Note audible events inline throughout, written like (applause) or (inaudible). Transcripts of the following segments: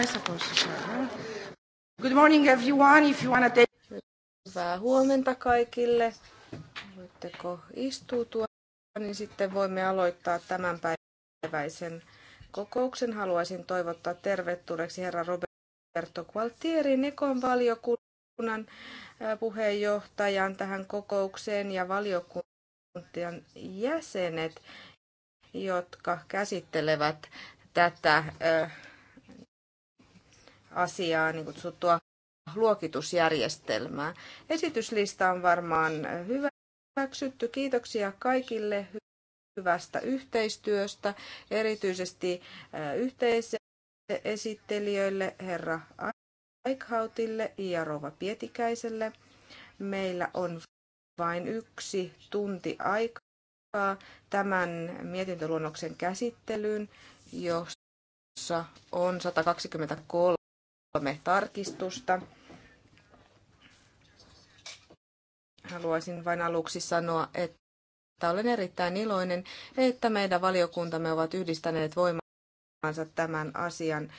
I suppose so. Good morning everyone, if you wanna take... Hyvää huomenta kaikille. Voitteko istuutua, niin sitten voimme aloittaa tämän päiväisen kokouksen. Haluaisin toivottaa tervetulleeksi herra Roberto Gualtieri, Nekon valiokunnan puheenjohtajan tähän kokoukseen ja valiokunnan jäsenet, jotka käsittelevät tätä äh, asiaa, niin kutsuttua luokitusjärjestelmää. Esityslista on varmaan hyväksytty. Kiitoksia kaikille hyvästä yhteistyöstä, erityisesti äh, yhteisesittelijöille, herra Aikhautille ja rouva Pietikäiselle. Meillä on vain yksi tunti aikaa tämän mietintöluonnoksen käsittelyyn, jossa on 123 kolme tarkistusta. Haluaisin vain aluksi sanoa, että olen erittäin iloinen, että meidän valiokuntamme ovat yhdistäneet voimansa tämän asian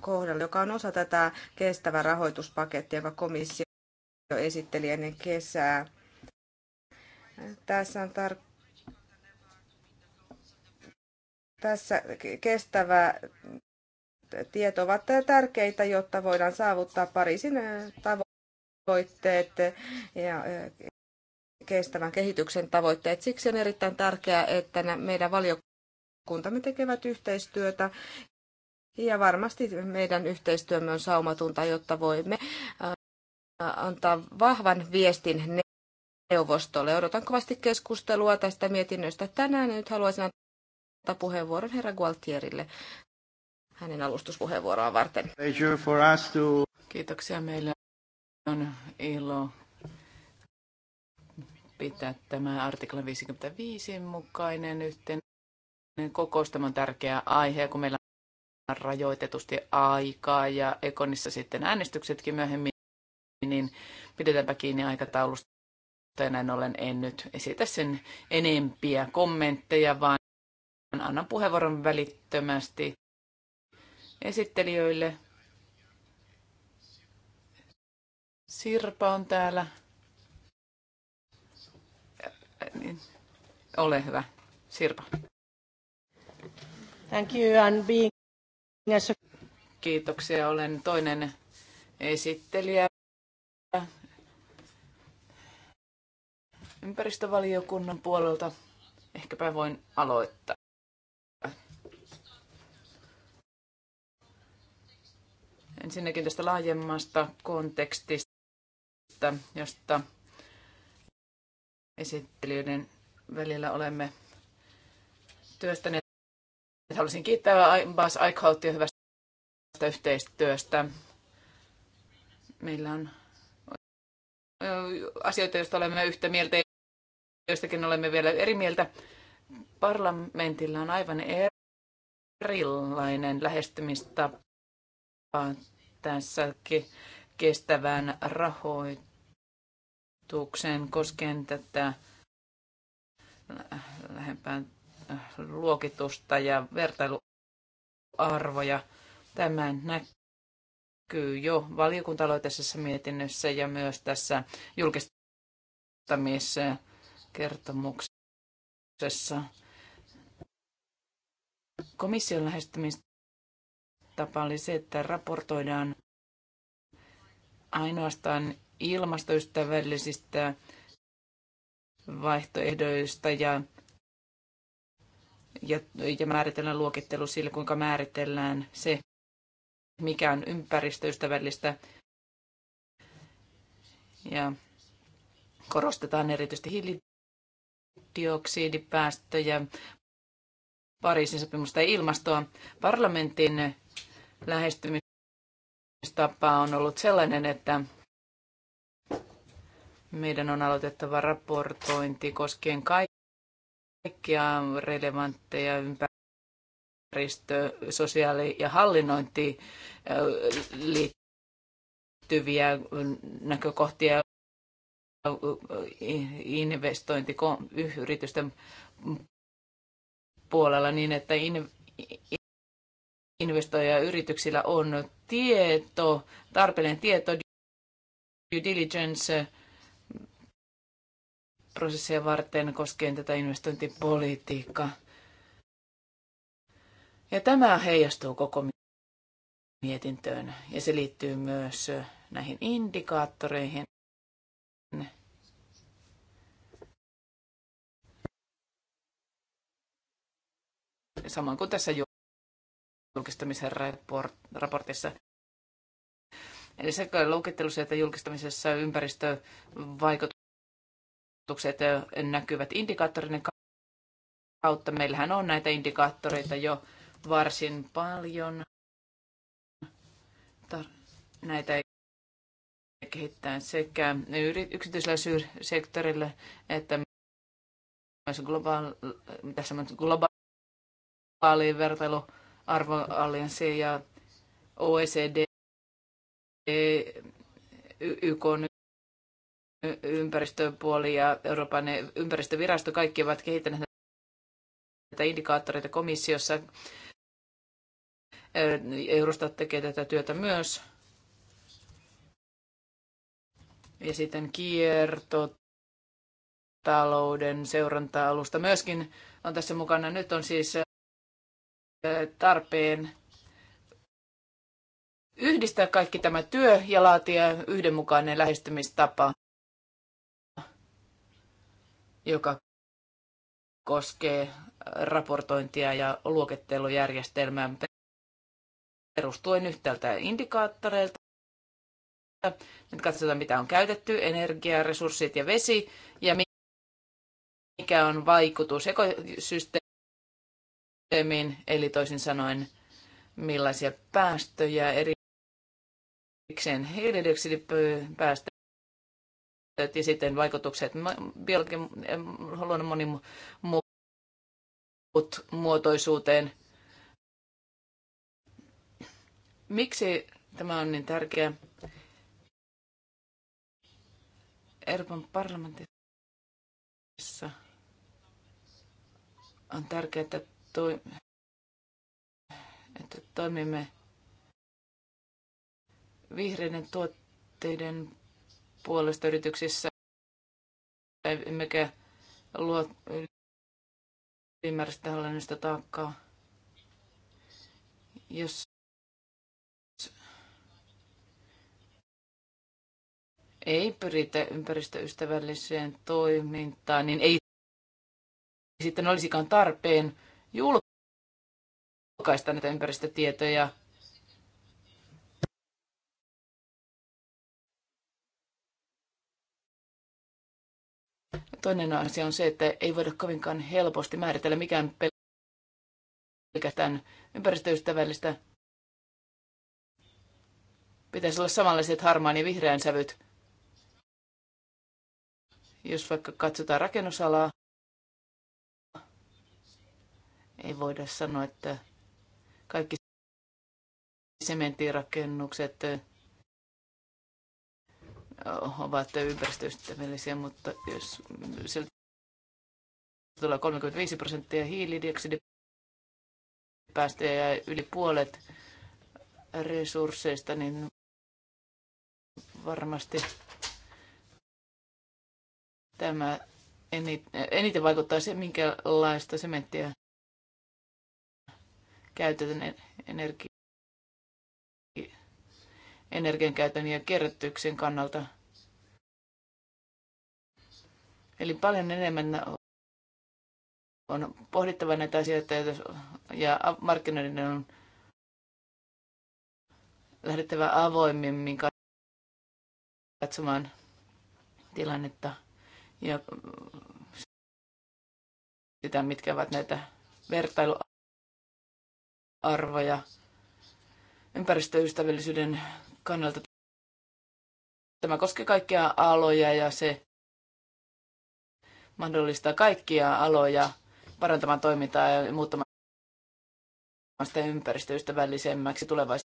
kohdalla, joka on osa tätä kestävä rahoituspakettia, joka komissio esitteli ennen kesää. Tässä on tar- tässä kestävä tiet ovat tärkeitä, jotta voidaan saavuttaa Pariisin tavoitteet ja kestävän kehityksen tavoitteet. Siksi on erittäin tärkeää, että meidän valiokuntamme tekevät yhteistyötä ja varmasti meidän yhteistyömme on saumatonta, jotta voimme antaa vahvan viestin neuvostolle. Odotan kovasti keskustelua tästä mietinnöstä tänään ja nyt haluaisin antaa puheenvuoron herra Gualtierille hänen alustuspuheenvuoroaan varten. Kiitoksia. Meillä on ilo pitää tämä artikla 55 mukainen yhteen kokous. Tämä on tärkeä aihe, kun meillä on rajoitetusti aikaa ja Ekonissa sitten äänestyksetkin myöhemmin, niin pidetäänpä kiinni aikataulusta. Ja näin ollen en nyt esitä sen enempiä kommentteja, vaan annan puheenvuoron välittömästi esittelijöille. Sirpa on täällä. Äh, niin. Ole hyvä, Sirpa. Thank you and being Kiitoksia, olen toinen esittelijä ympäristövaliokunnan puolelta. Ehkäpä voin aloittaa. Ensinnäkin tästä laajemmasta kontekstista, josta esittelijöiden välillä olemme työstäneet. Haluaisin kiittää Bas Aikhauttia hyvästä yhteistyöstä. Meillä on asioita, joista olemme yhtä mieltä ja joistakin olemme vielä eri mieltä. Parlamentilla on aivan erilainen lähestymistapa tässä kestävän rahoituksen koskien tätä lähempää luokitusta ja vertailuarvoja. Tämä näkyy jo valiokuntaloitessa mietinnössä ja myös tässä julkistamiskertomuksessa. Komission lähestymistä tapa oli se, että raportoidaan ainoastaan ilmastoystävällisistä vaihtoehdoista ja, ja, ja määritellään luokittelu sille, kuinka määritellään se, mikä on ympäristöystävällistä. Ja korostetaan erityisesti hiilidioksidipäästöjä, Pariisin sopimusta ja ilmastoa. Parlamentin lähestymistapa on ollut sellainen, että meidän on aloitettava raportointi koskien kaikkia relevantteja ympäristö-, sosiaali- ja hallinnointiin liittyviä näkökohtia investointiyritysten puolella niin, että yrityksillä on tieto, tarpeellinen tieto, due diligence prosessia varten koskien tätä investointipolitiikkaa. Ja tämä heijastuu koko mietintöön ja se liittyy myös näihin indikaattoreihin. Samoin kuin tässä julkistamisen raportissa. Eli sekä luokittelussa että julkistamisessa ympäristövaikutukset näkyvät indikaattorinen kautta. Meillähän on näitä indikaattoreita jo varsin paljon. Näitä kehittää sekä yksityisellä sektorilla että myös globaali, tässä globaali vertailu arvoallianssi ja OECD, YK ympäristöpuoli ja Euroopan ympäristövirasto, kaikki ovat kehittäneet näitä indikaattoreita komissiossa. Eurostat tekee tätä työtä myös. Ja sitten kiertotalouden seuranta-alusta myöskin on tässä mukana. Nyt on siis tarpeen yhdistää kaikki tämä työ ja laatia yhdenmukainen lähestymistapa, joka koskee raportointia ja luokittelujärjestelmää perustuen yhtäältä indikaattoreilta. Nyt katsotaan, mitä on käytetty, energia, resurssit ja vesi, ja mikä on vaikutus ekosysteemiin systeemiin, eli toisin sanoen millaisia päästöjä erikseen hiilidioksidipäästöt ja sitten vaikutukset biologian luonnon monimuotoisuuteen. Miksi tämä on niin tärkeä? Euroopan parlamentissa on tärkeää, että toi, että toimimme vihreiden tuotteiden puolesta yrityksissä, emmekä luo ylimääräistä hallinnollista taakkaa. Jos ei pyritä ympäristöystävälliseen toimintaan, niin ei sitten olisikaan tarpeen julkaista näitä ympäristötietoja. Toinen asia on se, että ei voida kovinkaan helposti määritellä mikään pelkästään ympäristöystävällistä. Pitäisi olla samanlaiset harmaan ja vihreän sävyt. Jos vaikka katsotaan rakennusalaa, ei voida sanoa, että kaikki sementtirakennukset eh, ovat ympäristöystävällisiä, mutta jos sieltä tulee 35 prosenttia hiilidioksidipäästöjä ja yli puolet resursseista, niin varmasti tämä eniten vaikuttaa se, minkälaista sementtiä käytetyn energi- käytön ja kierrätyksen kannalta. Eli paljon enemmän on pohdittava näitä asioita ja markkinoiden on lähdettävä avoimemmin katsomaan tilannetta ja sitä, mitkä ovat näitä vertailuja arvoja ympäristöystävällisyyden kannalta. Tämä koskee kaikkia aloja ja se mahdollistaa kaikkia aloja parantamaan toimintaa ja muuttamaan sitä ympäristöystävällisemmäksi tulevaisuudessa.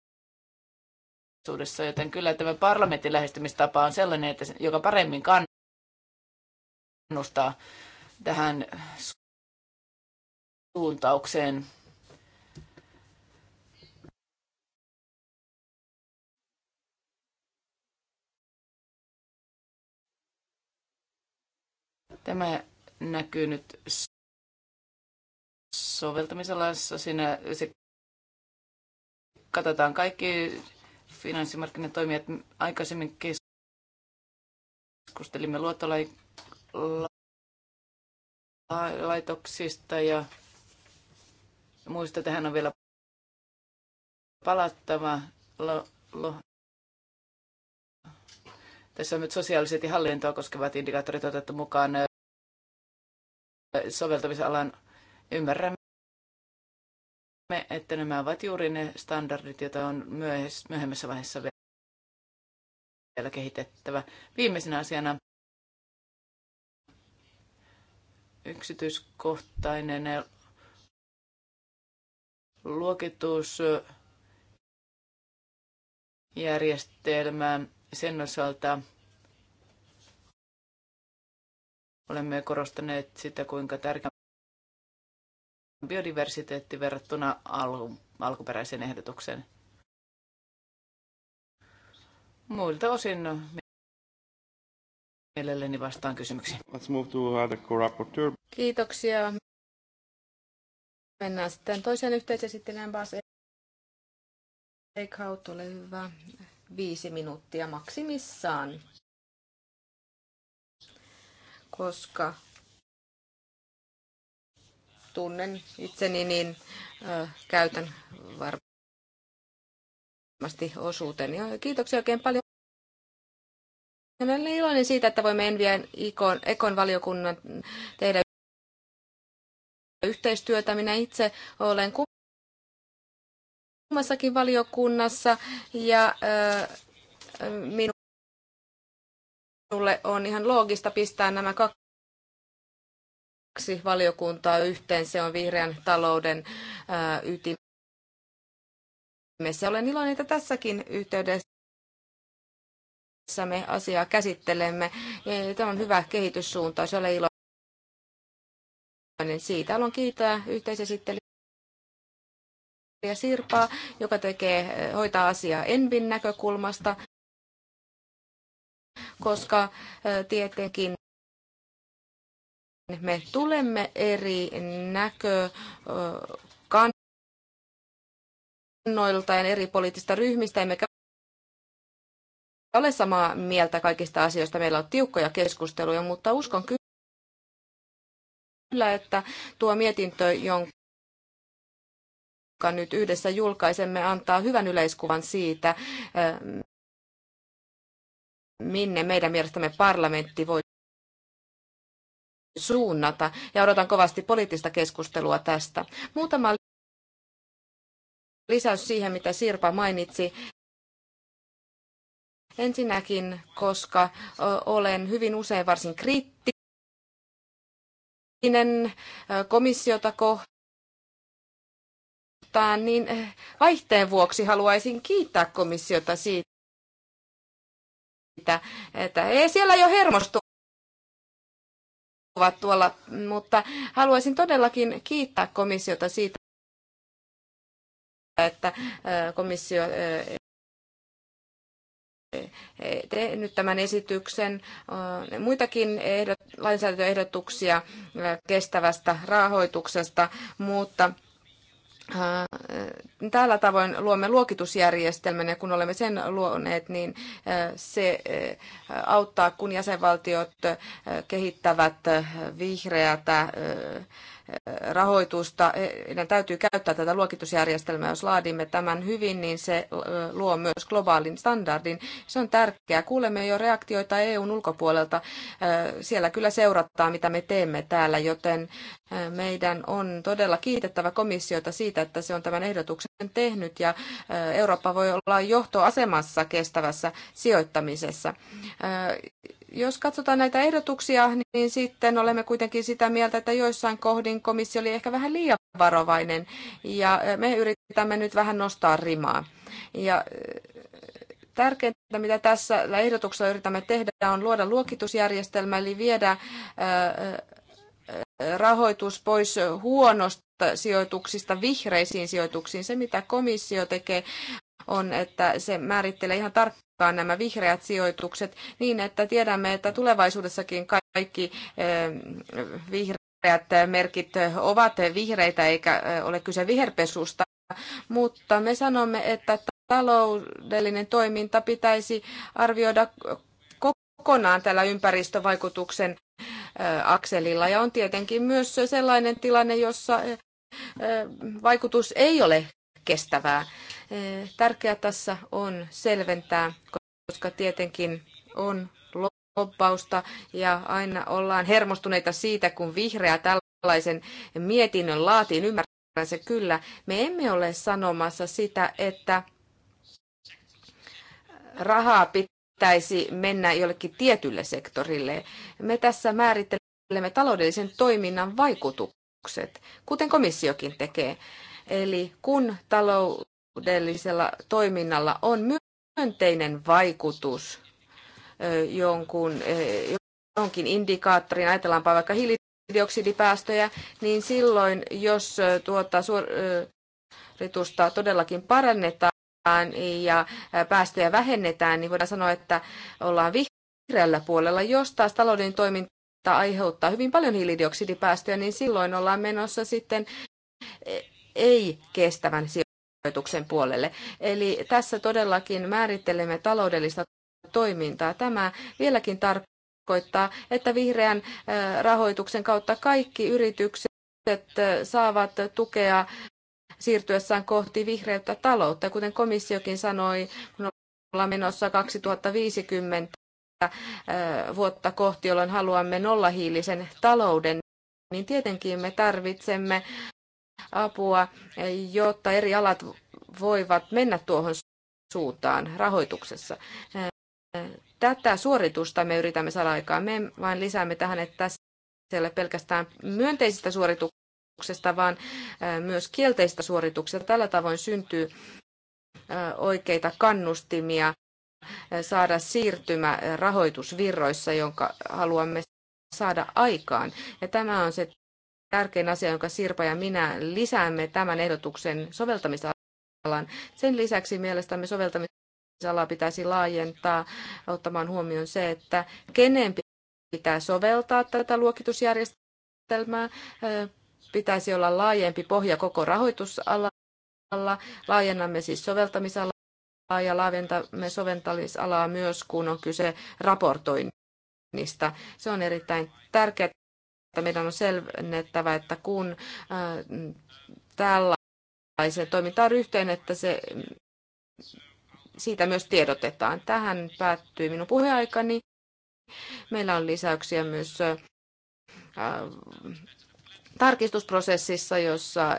Joten kyllä tämä parlamentin lähestymistapa on sellainen, että joka paremmin kannustaa tähän suuntaukseen. Tämä näkyy nyt soveltamisalassa. Siinä se katsotaan kaikki finanssimarkkinatoimijat. Aikaisemmin keskustelimme luottolaitoksista ja muista tähän on vielä palattava. Lo, lo. Tässä on nyt sosiaaliset ja hallintoa koskevat indikaattorit otettu mukaan soveltamisalan ymmärrämme, että nämä ovat juuri ne standardit, joita on myöhemmässä vaiheessa vielä kehitettävä. Viimeisenä asiana yksityiskohtainen luokitusjärjestelmä sen osalta – Olemme korostaneet sitä, kuinka tärkeä biodiversiteetti verrattuna al- alkuperäiseen ehdotukseen. Muilta osin mielelläni vastaan kysymyksiin. Let's move to uh, the rapporteur Kiitoksia. Mennään sitten toiseen yhteisesittelijän Bas Eichhaut, ole hyvä. Viisi minuuttia maksimissaan koska tunnen itseni, niin käytän varmasti osuuteni. Kiitoksia oikein paljon. Olen iloinen siitä, että voimme Envien Ikon, Ekon valiokunnan tehdä yhteistyötä. Minä itse olen kummassakin valiokunnassa ja minun minulle on ihan loogista pistää nämä kaksi valiokuntaa yhteen. Se on vihreän talouden äh, ytimessä. Olen iloinen, että tässäkin yhteydessä me asiaa käsittelemme. Tämä on hyvä kehityssuunta, Se Olen iloinen siitä. Haluan kiittää yhteisesittelijä Sirpaa, joka tekee, hoitaa asiaa Envin näkökulmasta koska tietenkin me tulemme eri näkö ja eri poliittista ryhmistä, emmekä ole samaa mieltä kaikista asioista. Meillä on tiukkoja keskusteluja, mutta uskon kyllä, että tuo mietintö, jonka nyt yhdessä julkaisemme, antaa hyvän yleiskuvan siitä, minne meidän mielestämme parlamentti voi suunnata ja odotan kovasti poliittista keskustelua tästä. Muutama lisäys siihen, mitä Sirpa mainitsi. Ensinnäkin, koska olen hyvin usein varsin kriittinen komissiota kohtaan, niin vaihteen vuoksi haluaisin kiittää komissiota siitä, että, että ei siellä jo hermostu ovat tuolla, mutta haluaisin todellakin kiittää komissiota siitä, että komissio e, e, tehnyt tämän esityksen. Muitakin ehdot, lainsäädäntöehdotuksia kestävästä rahoituksesta, mutta Äh, tällä tavoin luomme luokitusjärjestelmän ja kun olemme sen luoneet, niin äh, se äh, auttaa, kun jäsenvaltiot kehittävät vihreätä rahoitusta. E, meidän täytyy käyttää tätä luokitusjärjestelmää. Jos laadimme tämän hyvin, niin se luo myös globaalin standardin. Se on tärkeää. Kuulemme jo reaktioita EUn ulkopuolelta. Siellä kyllä seurattaa, mitä me teemme täällä, joten meidän on todella kiitettävä komissiota siitä, että se on tämän ehdotuksen tehnyt ja Eurooppa voi olla johtoasemassa kestävässä sijoittamisessa. Jos katsotaan näitä ehdotuksia, niin sitten olemme kuitenkin sitä mieltä, että joissain kohdin komissio oli ehkä vähän liian varovainen ja me yritämme nyt vähän nostaa rimaa. Ja tärkeintä, mitä tässä ehdotuksella yritämme tehdä, on luoda luokitusjärjestelmä, eli viedä rahoitus pois huonosta sijoituksista vihreisiin sijoituksiin. Se, mitä komissio tekee, on, että se määrittelee ihan tarkkaan nämä vihreät sijoitukset niin, että tiedämme, että tulevaisuudessakin kaikki eh, vihreät merkit ovat vihreitä eikä eh, ole kyse viherpesusta, mutta me sanomme, että taloudellinen toiminta pitäisi arvioida kokonaan tällä ympäristövaikutuksen eh, akselilla. Ja on tietenkin myös sellainen tilanne, jossa vaikutus ei ole kestävää. Tärkeää tässä on selventää, koska tietenkin on loppausta ja aina ollaan hermostuneita siitä, kun vihreä tällaisen mietinnön laatiin. Ymmärrän se kyllä. Me emme ole sanomassa sitä, että rahaa pitäisi mennä jollekin tietylle sektorille. Me tässä määrittelemme taloudellisen toiminnan vaikutukset, kuten komissiokin tekee. Eli kun talous taloudellisella toiminnalla on myönteinen vaikutus jonkun, jonkin indikaattorin, ajatellaanpa vaikka hiilidioksidipäästöjä, niin silloin, jos tuota suoritusta todellakin parannetaan ja päästöjä vähennetään, niin voidaan sanoa, että ollaan vihreällä puolella. Jos taas talouden toiminta aiheuttaa hyvin paljon hiilidioksidipäästöjä, niin silloin ollaan menossa sitten ei-kestävän sijoittamisen rahoituksen puolelle. Eli tässä todellakin määrittelemme taloudellista toimintaa. Tämä vieläkin tarkoittaa, että vihreän äh, rahoituksen kautta kaikki yritykset äh, saavat tukea siirtyessään kohti vihreyttä taloutta. Kuten komissiokin sanoi, kun ollaan menossa 2050 äh, vuotta kohti, jolloin haluamme nollahiilisen talouden, niin tietenkin me tarvitsemme apua, jotta eri alat voivat mennä tuohon suuntaan rahoituksessa. Tätä suoritusta me yritämme saada aikaan. Me vain lisäämme tähän, että tässä ei ole pelkästään myönteisistä suorituksista, vaan myös kielteistä suorituksista. Tällä tavoin syntyy oikeita kannustimia saada siirtymä rahoitusvirroissa, jonka haluamme saada aikaan. Ja tämä on se tärkein asia, jonka Sirpa ja minä lisäämme tämän ehdotuksen soveltamisalan. Sen lisäksi mielestämme soveltamisalaa pitäisi laajentaa ottamaan huomioon se, että kenen pitää soveltaa tätä luokitusjärjestelmää, pitäisi olla laajempi pohja koko rahoitusalalla. Laajennamme siis soveltamisalaa ja laajentamme soveltamisalaa myös, kun on kyse raportoinnista. Se on erittäin tärkeää että meidän on selvennettävä, että kun tällaiseen toimintaan ryhteen, että se, siitä myös tiedotetaan. Tähän päättyy minun puheaikani. Meillä on lisäyksiä myös tarkistusprosessissa, jossa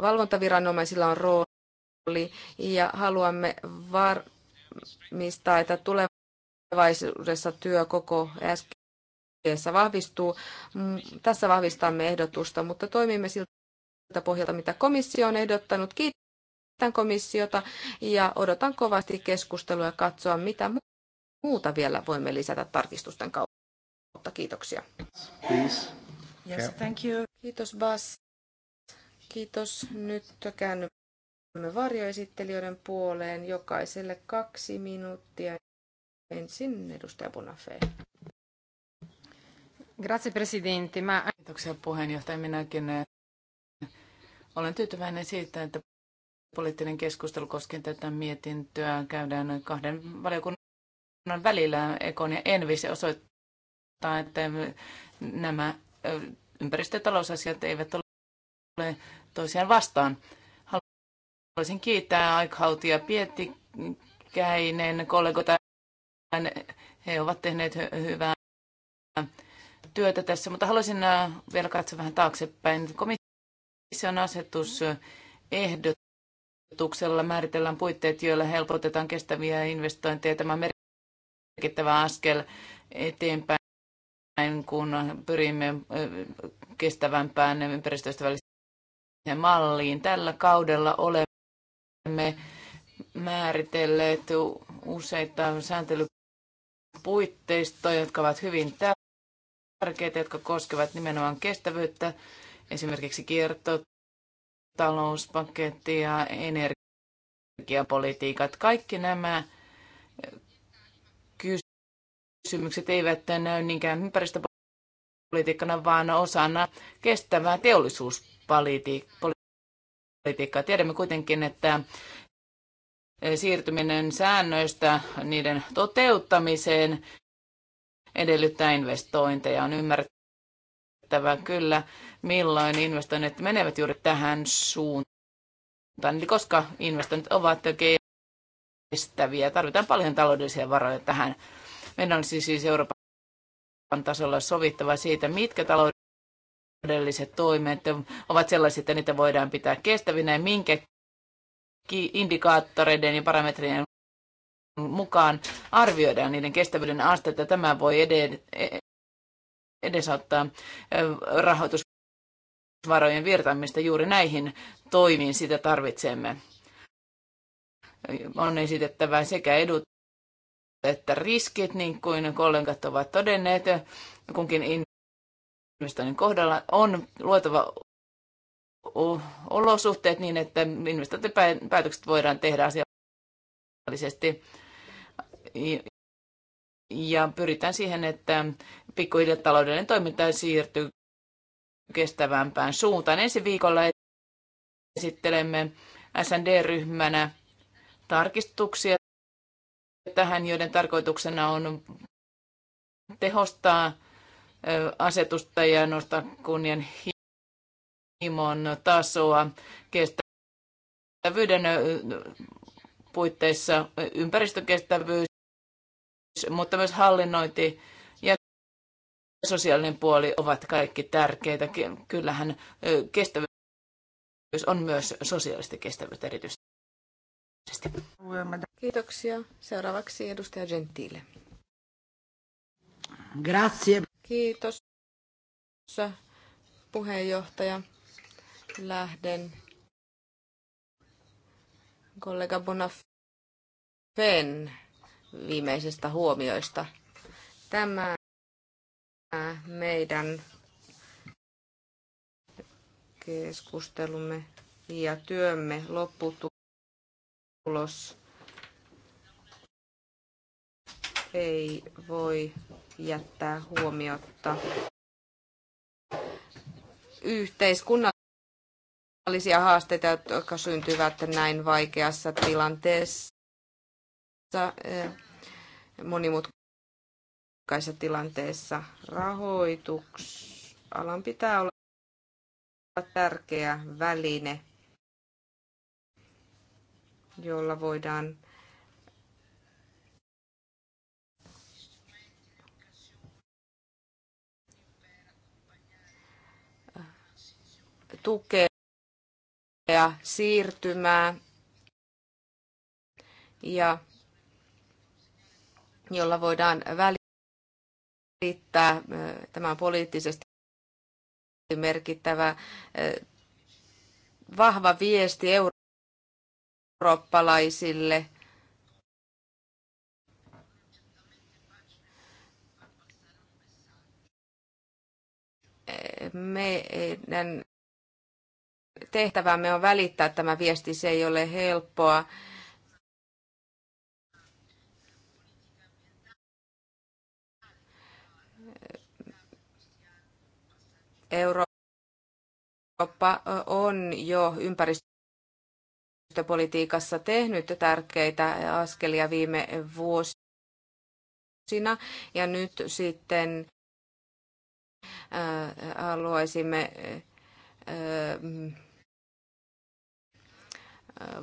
valvontaviranomaisilla on rooli ja haluamme varmistaa, että tulevaisuudessa työ koko äsken yhdessä vahvistuu. Mm, tässä vahvistamme ehdotusta, mutta toimimme siltä pohjalta, mitä komissio on ehdottanut. Kiitän komissiota ja odotan kovasti keskustelua ja katsoa, mitä muuta vielä voimme lisätä tarkistusten kautta. Kiitoksia. Yes, thank you. Kiitos Bas. Kiitos. Nyt käännymme varjoesittelijöiden puoleen. Jokaiselle kaksi minuuttia. Ensin edustaja Bonafé. Grazie presidente. Kiitoksia puheenjohtaja. Minäkin eh, olen tyytyväinen siitä, että poliittinen keskustelu koskien tätä mietintöä käydään kahden valiokunnan välillä, Ekon ja Envi. Se osoittaa, että nämä ympäristötalousasiat eivät ole toisiaan vastaan. Haluaisin kiittää Aikhaut ja Pietikäinen kollegoita. He ovat tehneet hyvää työtä tässä, mutta haluaisin äh, vielä katsoa vähän taaksepäin. Komission asetus ehdotuksella määritellään puitteet, joilla helpotetaan kestäviä investointeja. Tämä on merkittävä askel eteenpäin, kun pyrimme äh, kestävämpään ympäristöystävälliseen malliin. Tällä kaudella olemme määritelleet useita sääntelypuitteistoja, jotka ovat hyvin tärkeitä, jotka koskevat nimenomaan kestävyyttä, esimerkiksi kiertotalouspaketti ja energiapolitiikat. Kaikki nämä kysymykset eivät näy niinkään ympäristöpolitiikkana, vaan osana kestävää teollisuuspolitiikkaa. Tiedämme kuitenkin, että siirtyminen säännöistä niiden toteuttamiseen edellyttää investointeja. On ymmärrettävä kyllä, milloin investoinnit menevät juuri tähän suuntaan. Eli koska investoinnit ovat kestäviä, tarvitaan paljon taloudellisia varoja tähän. Meidän on siis Euroopan tasolla sovittava siitä, mitkä taloudelliset toimet ovat sellaisia, että niitä voidaan pitää kestävinä ja minkä indikaattoreiden ja parametrien mukaan arvioidaan niiden kestävyyden astetta. Tämä voi edesauttaa rahoitusvarojen virtaamista juuri näihin toimiin. Sitä tarvitsemme. On esitettävä sekä edut että riskit, niin kuin kollegat ovat todenneet, kunkin investoinnin kohdalla on luotava olosuhteet niin, että investointipäätökset voidaan tehdä asiallisesti ja pyritään siihen, että pikkuhiljaa taloudellinen toiminta siirtyy kestävämpään suuntaan. Ensi viikolla esittelemme SND-ryhmänä tarkistuksia tähän, joiden tarkoituksena on tehostaa asetusta ja nostaa kunnian himon tasoa kestävyyden puitteissa ympäristökestävyys, mutta myös hallinnointi ja sosiaalinen puoli ovat kaikki tärkeitä. Kyllähän kestävyys on myös sosiaalista kestävyyttä erityisesti. Kiitoksia. Seuraavaksi edustaja Gentile. Grazie. Kiitos puheenjohtaja. Lähden kollega Bonafen viimeisestä huomioista. Tämä meidän keskustelumme ja työmme lopputulos ei voi jättää huomiotta yhteiskunnan sosiaalisia haasteita, jotka syntyvät näin vaikeassa tilanteessa, eh, monimutkaisessa tilanteessa. Rahoituksalan pitää olla tärkeä väline, jolla voidaan tukea nopea siirtymää ja jolla voidaan välittää tämän poliittisesti merkittävä vahva viesti eurooppalaisille meidän tehtävämme on välittää tämä viesti, se ei ole helppoa. Eurooppa on jo ympäristöpolitiikassa tehnyt tärkeitä askelia viime vuosina ja nyt sitten äh, haluaisimme äh,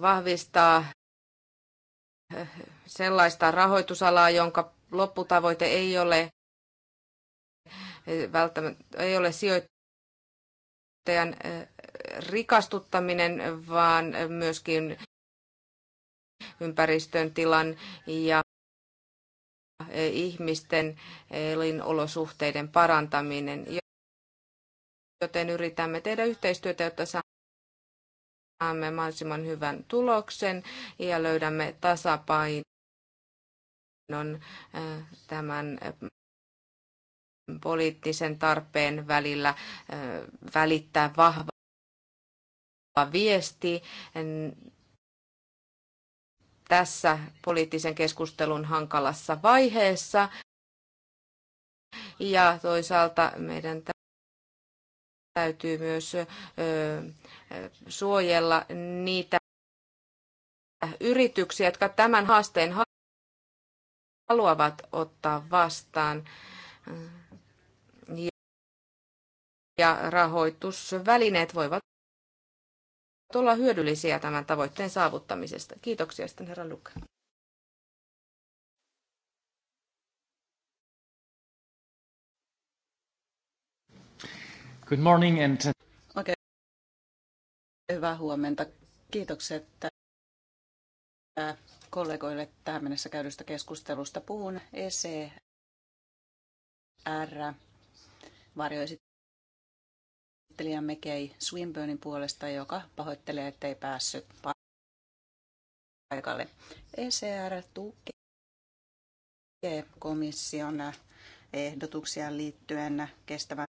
vahvistaa sellaista rahoitusalaa, jonka lopputavoite ei ole, välttämättä, ei ole sijoittajan rikastuttaminen, vaan myöskin ympäristön tilan ja ihmisten elinolosuhteiden parantaminen. Joten yritämme tehdä yhteistyötä, jotta saamme mahdollisimman hyvän tuloksen ja löydämme tasapainon äh, tämän äh, poliittisen tarpeen välillä äh, välittää vahva viesti tässä poliittisen keskustelun hankalassa vaiheessa. Ja toisaalta meidän täytyy myös suojella niitä yrityksiä, jotka tämän haasteen haluavat ottaa vastaan. Ja rahoitusvälineet voivat olla hyödyllisiä tämän tavoitteen saavuttamisesta. Kiitoksia sitten herra Luka. Good morning and... okay. hyvää huomenta. Kiitokset kollegoille tähän mennessä käydystä keskustelusta. Puhun ECR varjoesittelijämme Kei Swinburnin puolesta, joka pahoittelee, ettei päässyt paikalle. ECR tukee komission ehdotuksia liittyen kestävän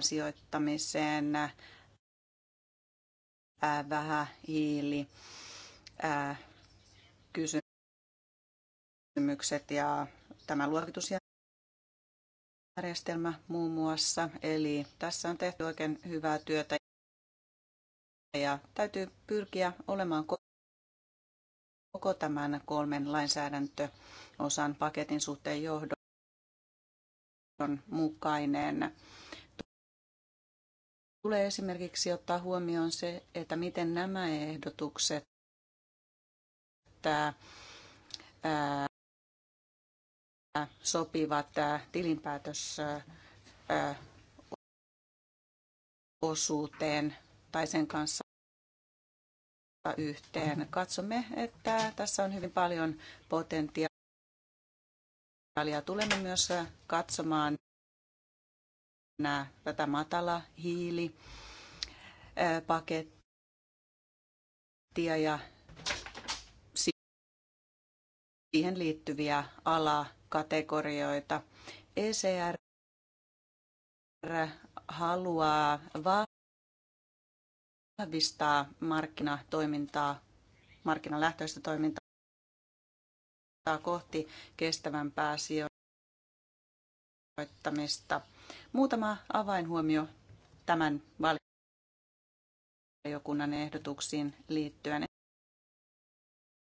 sijoittamiseen, ää, kysymykset ja tämä luokitusjärjestelmä muun muassa. Eli tässä on tehty oikein hyvää työtä ja täytyy pyrkiä olemaan koko tämän kolmen lainsäädäntöosan paketin suhteen johdon mukainen tulee esimerkiksi ottaa huomioon se, että miten nämä ehdotukset ää, sopivat ää, tilinpäätös ää, osuuteen tai sen kanssa yhteen. Katsomme, että tässä on hyvin paljon potentiaalia. Tulemme myös katsomaan nämä, tätä matala hiili pakettia ja siihen liittyviä alakategorioita. ECR haluaa vahvistaa markkinatoimintaa, markkinalähtöistä toimintaa kohti kestävämpää sijoittamista. Muutama avainhuomio tämän valiokunnan ehdotuksiin liittyen.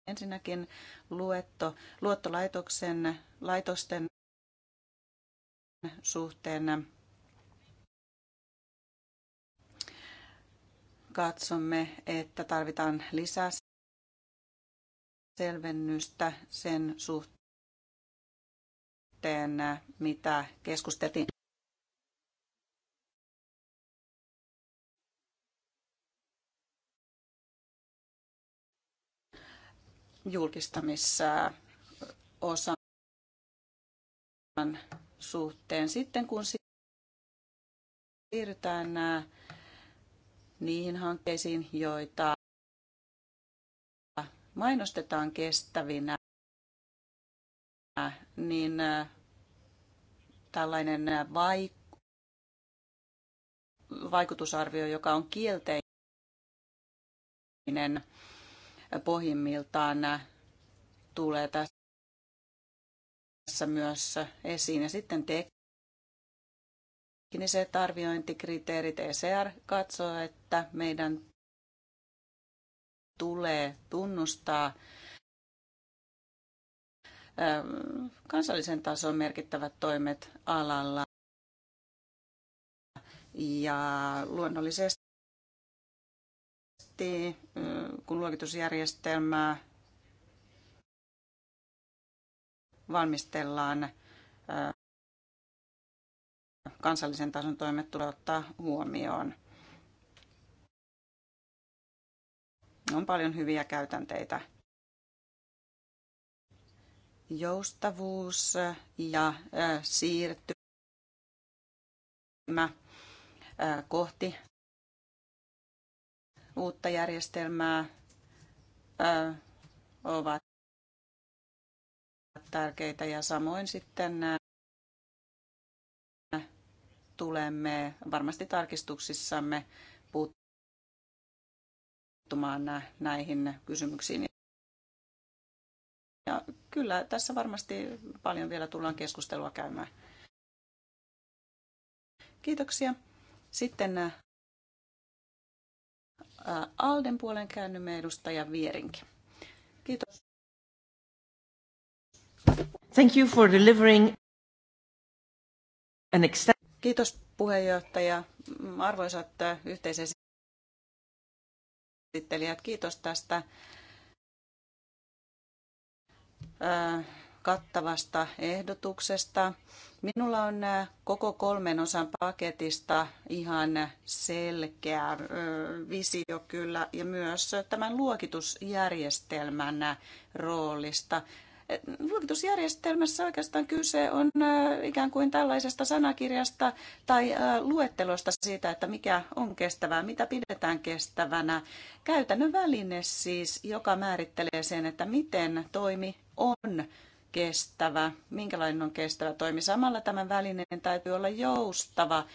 Ensinnäkin luetto, luottolaitoksen laitosten suhteen katsomme, että tarvitaan lisää selvennystä sen suhteen, mitä keskusteltiin julkistamissa osan suhteen. Sitten kun siirrytään niihin hankkeisiin, joita mainostetaan kestävinä, niin tällainen vaikutusarvio, joka on kielteinen, pohjimmiltaan tulee tässä myös esiin. Ja sitten tekniset arviointikriteerit. ECR katsoo, että meidän tulee tunnustaa ähm, kansallisen tason merkittävät toimet alalla. Ja luonnollisesti miettii, kun luokitusjärjestelmää valmistellaan, kansallisen tason toimet tulee ottaa huomioon. On paljon hyviä käytänteitä. Joustavuus ja siirtymä kohti uutta järjestelmää ovat tärkeitä ja samoin sitten tulemme varmasti tarkistuksissamme puuttumaan näihin kysymyksiin. Ja kyllä tässä varmasti paljon vielä tullaan keskustelua käymään. Kiitoksia. Sitten Äh, Alden puolen käännymme edustaja Vierinki. Kiitos. Thank you for delivering an extent- Kiitos puheenjohtaja. Arvoisat äh, yhteisesittelijät, kiitos tästä äh, kattavasta ehdotuksesta. Minulla on äh, koko kolmen osan paketista ihan selkeä visio kyllä ja myös tämän luokitusjärjestelmän äh, roolista. Luokitusjärjestelmässä oikeastaan kyse on ikään kuin tällaisesta sanakirjasta tai luettelosta siitä, että mikä on kestävää, mitä pidetään kestävänä. Käytännön väline siis, joka määrittelee sen, että miten toimi on kestävä, minkälainen on kestävä toimi. Samalla tämän välineen täytyy olla joustava,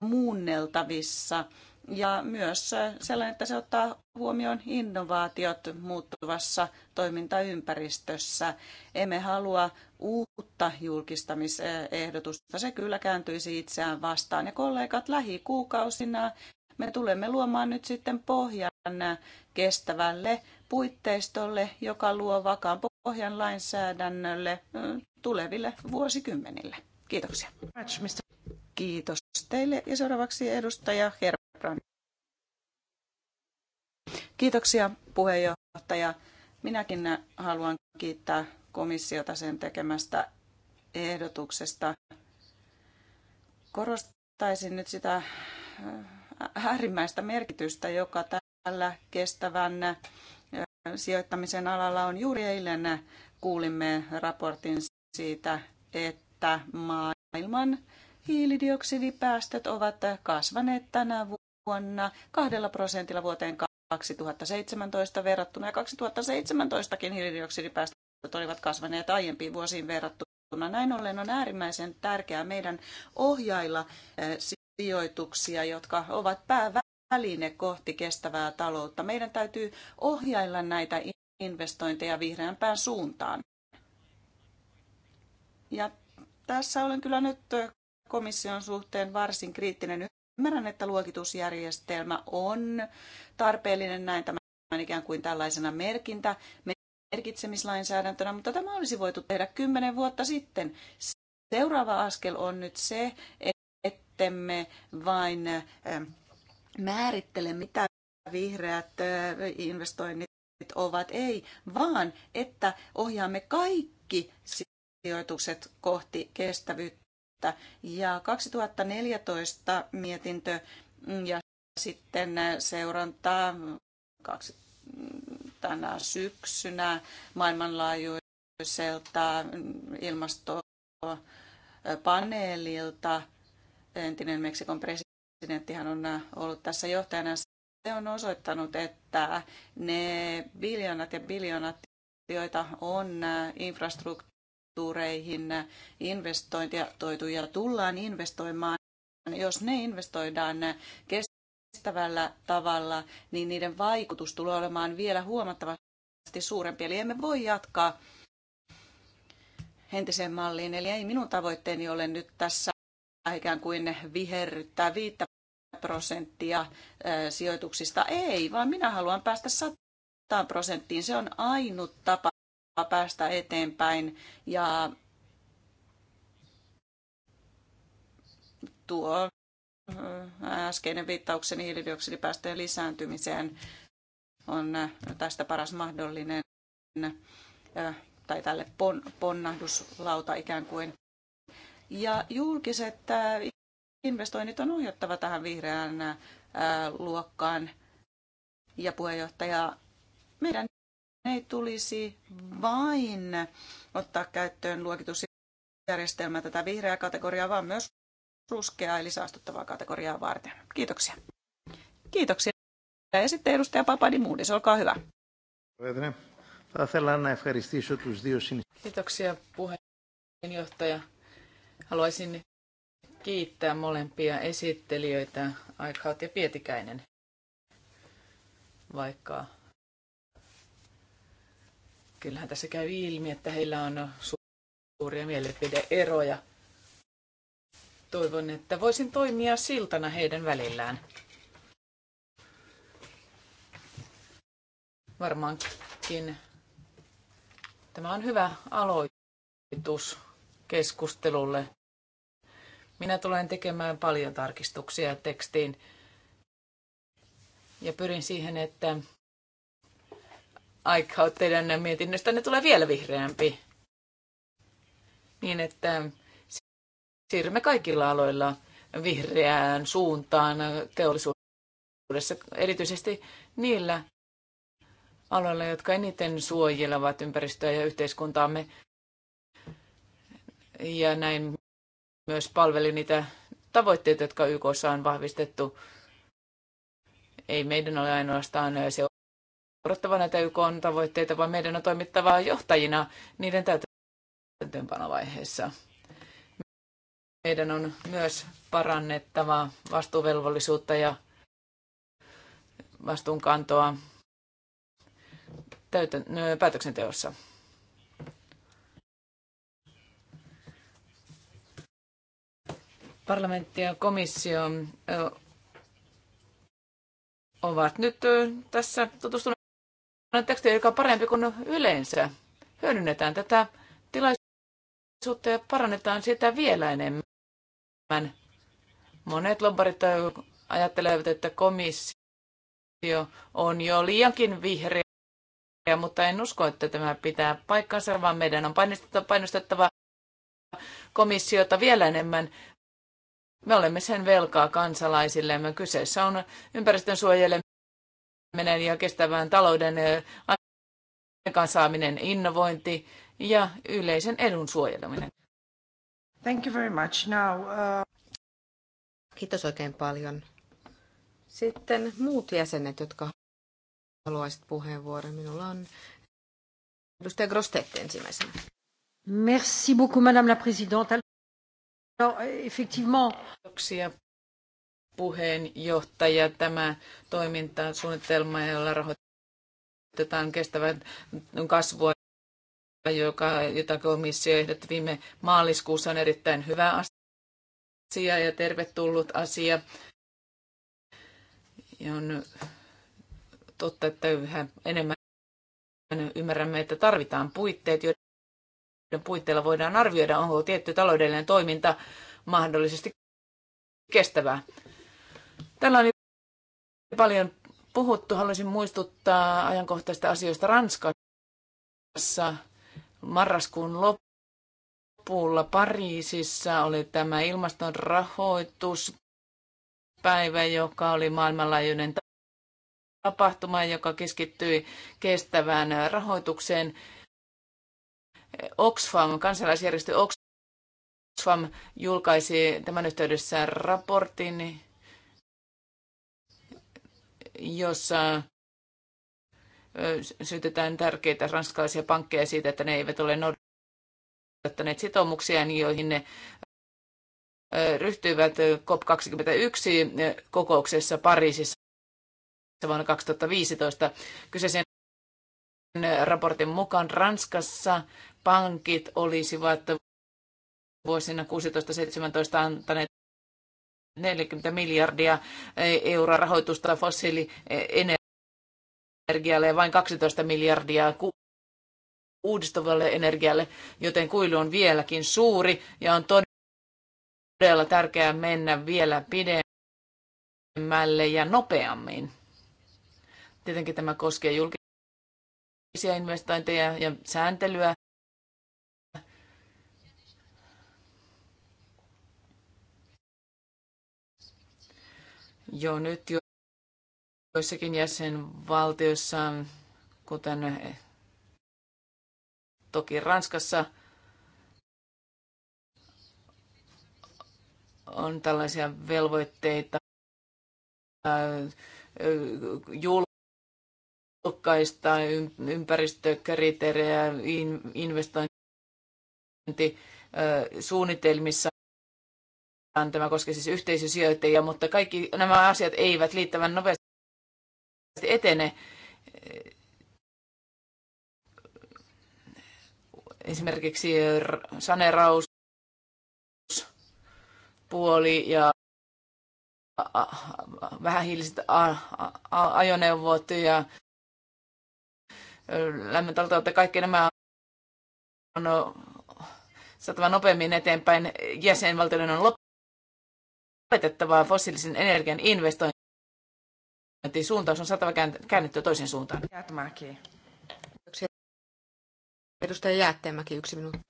muunneltavissa ja myös sellainen, että se ottaa huomioon innovaatiot muuttuvassa toimintaympäristössä. Emme halua uutta julkistamisehdotusta. Se kyllä kääntyisi itseään vastaan. Ja kollegat, lähikuukausina me tulemme luomaan nyt sitten pohjan kestävälle puitteistolle, joka luo vakaan Ohjan lainsäädännölle tuleville vuosikymmenille. Kiitoksia. Kiitos teille ja seuraavaksi edustaja Herbrand. Kiitoksia puheenjohtaja. Minäkin haluan kiittää komissiota sen tekemästä ehdotuksesta. Korostaisin nyt sitä äärimmäistä merkitystä, joka tällä kestävän sijoittamisen alalla on juuri eilen kuulimme raportin siitä, että maailman hiilidioksidipäästöt ovat kasvaneet tänä vuonna kahdella prosentilla vuoteen 2017 verrattuna ja 2017kin hiilidioksidipäästöt olivat kasvaneet aiempiin vuosiin verrattuna. Näin ollen on äärimmäisen tärkeää meidän ohjailla eh, sijoituksia, jotka ovat päävä väline kohti kestävää taloutta. Meidän täytyy ohjailla näitä investointeja vihreämpään suuntaan. Ja tässä olen kyllä nyt komission suhteen varsin kriittinen. Ymmärrän, että luokitusjärjestelmä on tarpeellinen näin tämän ikään kuin tällaisena merkintä merkitsemislainsäädäntönä, mutta tämä olisi voitu tehdä kymmenen vuotta sitten. Seuraava askel on nyt se, ettemme vain määrittele, mitä vihreät investoinnit ovat. Ei, vaan että ohjaamme kaikki sijoitukset kohti kestävyyttä. Ja 2014 mietintö ja sitten seurantaa tänä syksynä maailmanlaajuiselta ilmastopaneelilta entinen Meksikon presidentti presidenttihän on äh, ollut tässä johtajana. Se on osoittanut, että ne biljoonat ja biljoonat, joita on äh, infrastruktuureihin äh, toitu ja tullaan investoimaan, jos ne investoidaan kestävällä tavalla, niin niiden vaikutus tulee olemaan vielä huomattavasti suurempi. Eli emme voi jatkaa entiseen malliin. Eli ei minun tavoitteeni ole nyt tässä ikään kuin viherryttää 5 prosenttia sijoituksista. Ei, vaan minä haluan päästä 100 prosenttiin. Se on ainut tapa päästä eteenpäin ja tuo äskeinen viittaukseni hiilidioksidipäästöjen lisääntymiseen on tästä paras mahdollinen tai tälle pon, ponnahduslauta ikään kuin. Ja julkiset äh, investoinnit on ohjattava tähän vihreään äh, luokkaan. Ja puheenjohtaja, meidän ei tulisi vain ottaa käyttöön luokitusjärjestelmä tätä vihreää kategoriaa, vaan myös ruskeaa eli saastuttavaa kategoriaa varten. Kiitoksia. Kiitoksia. Ja sitten edustaja Moodis, olkaa hyvä. Kiitoksia puheenjohtaja. Haluaisin kiittää molempia esittelijöitä, Aikhaut ja Pietikäinen, vaikka kyllähän tässä käy ilmi, että heillä on suuria mielipideeroja. Toivon, että voisin toimia siltana heidän välillään. Varmaankin tämä on hyvä aloitus keskustelulle. Minä tulen tekemään paljon tarkistuksia tekstiin ja pyrin siihen, että aika teidän ne tulee vielä vihreämpi. Niin, että siirrymme kaikilla aloilla vihreään suuntaan teollisuudessa, erityisesti niillä aloilla, jotka eniten suojelevat ympäristöä ja yhteiskuntaamme ja näin myös palveli niitä tavoitteita, jotka YKssa on vahvistettu. Ei meidän ole ainoastaan seurattava näitä YKn tavoitteita, vaan meidän on toimittava johtajina niiden täytäntöönpanovaiheessa. Meidän on myös parannettava vastuuvelvollisuutta ja vastuunkantoa täytän, päätöksenteossa. Parlamentti ja komissio ovat nyt tässä tutustuneet tekstiin, joka on parempi kuin yleensä. Hyödynnetään tätä tilaisuutta ja parannetaan sitä vielä enemmän. Monet lobbarit ajattelevat, että komissio on jo liiankin vihreä, mutta en usko, että tämä pitää paikkansa, vaan meidän on painostettava komissiota vielä enemmän me olemme sen velkaa kansalaisille Me Kyseessä on ympäristön suojeleminen ja kestävän talouden aikaansaaminen, innovointi ja yleisen edun suojeleminen. Thank you very much. Now, uh... Kiitos oikein paljon. Sitten muut jäsenet, jotka haluaisit puheenvuoron. Minulla on edustaja Grostet ensimmäisenä. Merci beaucoup, madame la présidente. No, effectivement. Kiitoksia puheenjohtaja. Tämä toimintasuunnitelma, jolla rahoitetaan kestävän kasvua, joka, jota komissio ehdotti viime maaliskuussa, on erittäin hyvä asia ja tervetullut asia. Ja on totta, että yhä enemmän ymmärrämme, että tarvitaan puitteet, joiden puitteilla voidaan arvioida, onko tietty taloudellinen toiminta mahdollisesti kestävää. Tällä on paljon puhuttu. Haluaisin muistuttaa ajankohtaista asioista Ranskassa marraskuun lopulla Pariisissa oli tämä ilmastonrahoituspäivä, joka oli maailmanlaajuinen tapahtuma, joka keskittyi kestävään rahoitukseen. Oxfam, kansalaisjärjestö Oxfam julkaisi tämän yhteydessä raportin, jossa syytetään tärkeitä ranskalaisia pankkeja siitä, että ne eivät ole noudattaneet sitoumuksia, joihin ne ryhtyivät COP21 kokouksessa Pariisissa vuonna 2015. Kyseisen raportin mukaan Ranskassa pankit olisivat vuosina 16-17 antaneet 40 miljardia euroa rahoitusta fossiilienergialle ja vain 12 miljardia uudistuvalle energialle, joten kuilu on vieläkin suuri ja on todella tärkeää mennä vielä pidemmälle ja nopeammin. Tietenkin tämä koskee julkista julkisia investointeja ja sääntelyä. Jo nyt jo joissakin jäsenvaltioissa, kuten toki Ranskassa, on tällaisia velvoitteita julkaisuun äh, äh, ratkaista ympäristökriteerejä investointisuunnitelmissa. Tämä koskee siis yhteisösijoittajia, mutta kaikki nämä asiat eivät liittävän nopeasti etene. Esimerkiksi saneraus puoli ja vähähiiliset ajoneuvot ja lämmöntalot, että kaikki nämä on saatava nopeammin eteenpäin. Jäsenvaltioiden on lopetettava fossiilisen energian investointi. Suuntaus on saatava käännettyä toisen suuntaan. jäätmäki Edustaja Jäätteenmäki, yksi minuutti.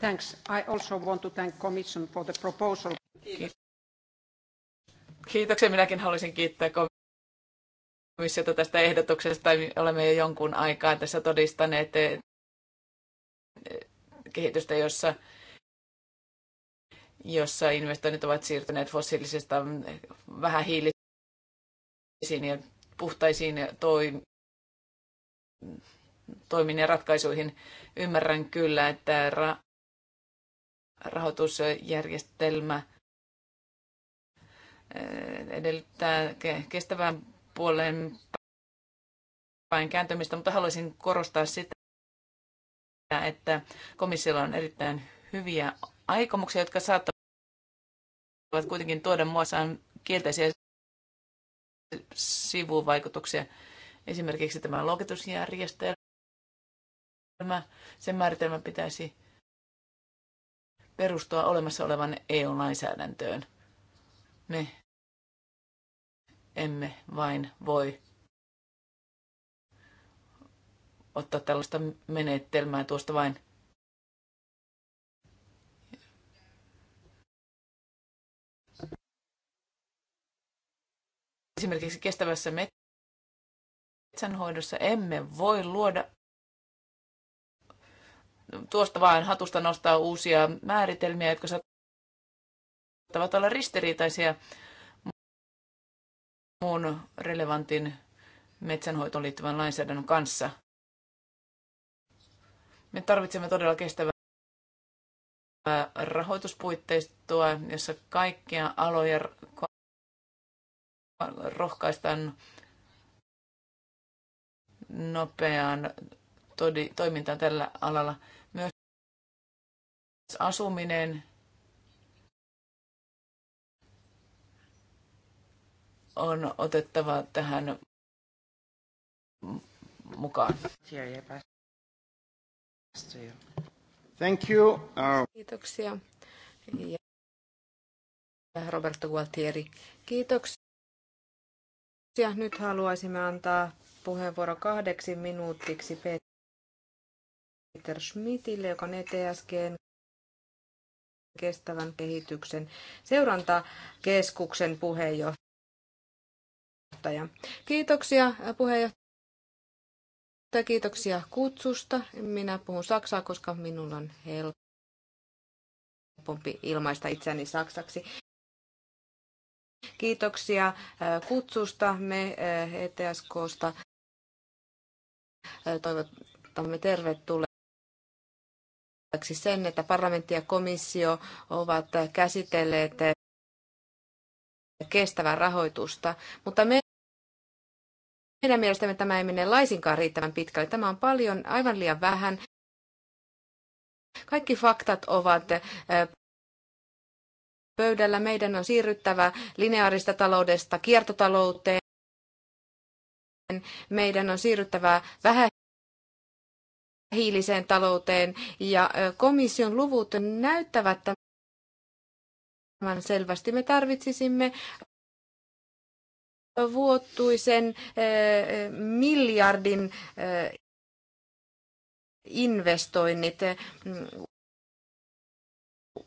Thanks. I also want to thank Commission for the proposal. Kiitos. Kiitoksia. Minäkin haluaisin kiittää komissiota tästä ehdotuksesta. Olemme jo jonkun aikaa tässä todistaneet eh, kehitystä, jossa, jossa investoinnit ovat siirtyneet fossiilisista mm, vähän hiilisiin ja puhtaisiin toimiin ja ratkaisuihin. Ymmärrän kyllä, että ra, rahoitusjärjestelmä eh, edellyttää kestävää puoleen päin kääntymistä, mutta haluaisin korostaa sitä, että komissiolla on erittäin hyviä aikomuksia, jotka saattavat kuitenkin tuoda muassaan kielteisiä sivuvaikutuksia. Esimerkiksi tämä luokitusjärjestelmä, sen määritelmä pitäisi perustua olemassa olevan EU-lainsäädäntöön. Me emme vain voi ottaa tällaista menetelmää tuosta vain. Esimerkiksi kestävässä metsänhoidossa emme voi luoda tuosta vain hatusta nostaa uusia määritelmiä, jotka saattavat olla ristiriitaisia muun relevantin metsänhoitoon liittyvän lainsäädännön kanssa. Me tarvitsemme todella kestävää rahoituspuitteistoa, jossa kaikkia aloja rohkaistaan nopeaan toimintaan tällä alalla. Myös asuminen on otettava tähän mukaan. Thank you. Uh, kiitoksia. Ja Roberto Gualtieri, kiitoksia. Nyt haluaisimme antaa puheenvuoro kahdeksi minuuttiksi Peter Schmidtille, joka on ETSG kestävän kehityksen seurantakeskuksen puheenjohtaja puheenjohtaja. Kiitoksia puheenjohtaja. Kiitoksia kutsusta. Minä puhun saksaa, koska minulla on helpompi ilmaista itseni saksaksi. Kiitoksia kutsusta me ETSKsta. Toivotamme tervetulleeksi sen, että parlamentti ja komissio ovat käsitelleet kestävää rahoitusta, mutta me meidän mielestämme tämä ei mene laisinkaan riittävän pitkälle. Tämä on paljon, aivan liian vähän. Kaikki faktat ovat eh, pöydällä. Meidän on siirryttävä lineaarista taloudesta kiertotalouteen. Meidän on siirryttävä vähän hiiliseen talouteen ja eh, komission luvut näyttävät tämän selvästi. Me tarvitsisimme vuotuisen eh, miljardin eh, investoinnit mm,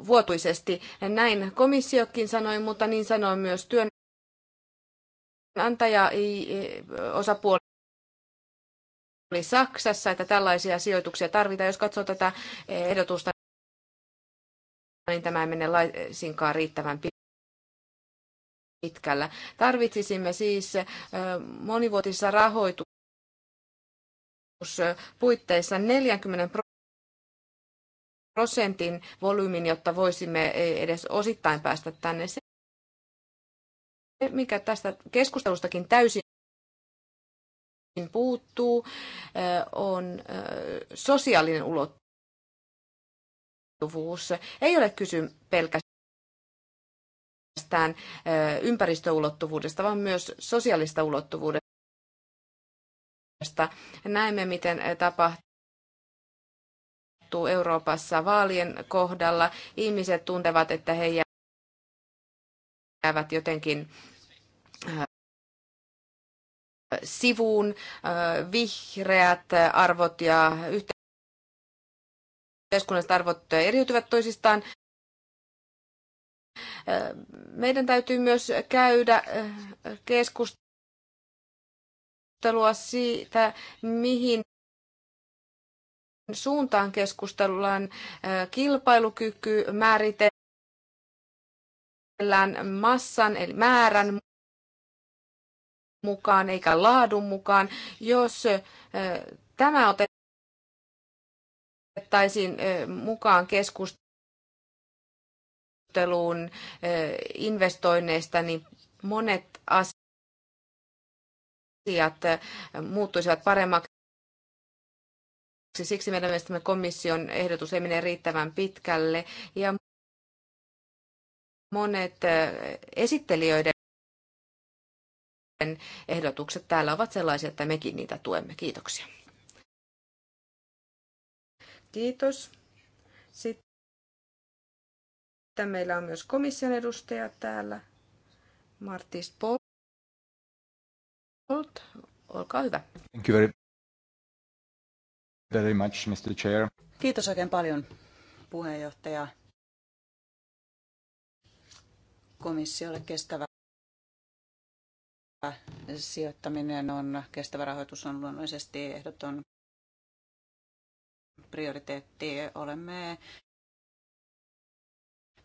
vuotuisesti. Näin komissiokin sanoi, mutta niin sanoi myös työnantaja eh, osapuoli Saksassa, että tällaisia sijoituksia tarvitaan. Jos katsoo tätä ehdotusta, niin tämä ei mene laisinkaan riittävän pitkällä. Tarvitsisimme siis monivuotisessa rahoituspuitteissa 40 prosentin volyymin, jotta voisimme e- edes osittain päästä tänne. Se, mikä tästä keskustelustakin täysin puuttuu, on sosiaalinen ulottuvuus. Ei ole kysy pelkästään pelkästään ympäristöulottuvuudesta, vaan myös sosiaalista ulottuvuudesta. Näemme, miten tapahtuu Euroopassa vaalien kohdalla. Ihmiset tuntevat, että he jäävät jotenkin sivuun vihreät arvot ja yhteiskunnalliset arvot eriytyvät toisistaan. Meidän täytyy myös käydä keskustelua siitä, mihin suuntaan keskustellaan kilpailukyky määritellään massan eli määrän mukaan eikä laadun mukaan. Jos tämä otettaisiin mukaan keskusteluun, keskusteluun investoinneista, niin monet asiat muuttuisivat paremmaksi. Siksi meidän mielestämme komission ehdotus ei mene riittävän pitkälle ja monet esittelijöiden ehdotukset täällä ovat sellaisia, että mekin niitä tuemme. Kiitoksia. Kiitos. Sitten sitten meillä on myös komission edustaja täällä, Martis Bolt. Olkaa hyvä. Thank you very, very much, Mr. Chair. Kiitos oikein paljon, puheenjohtaja. Komissiolle kestävä sijoittaminen on, kestävä rahoitus on luonnollisesti ehdoton prioriteetti. Olemme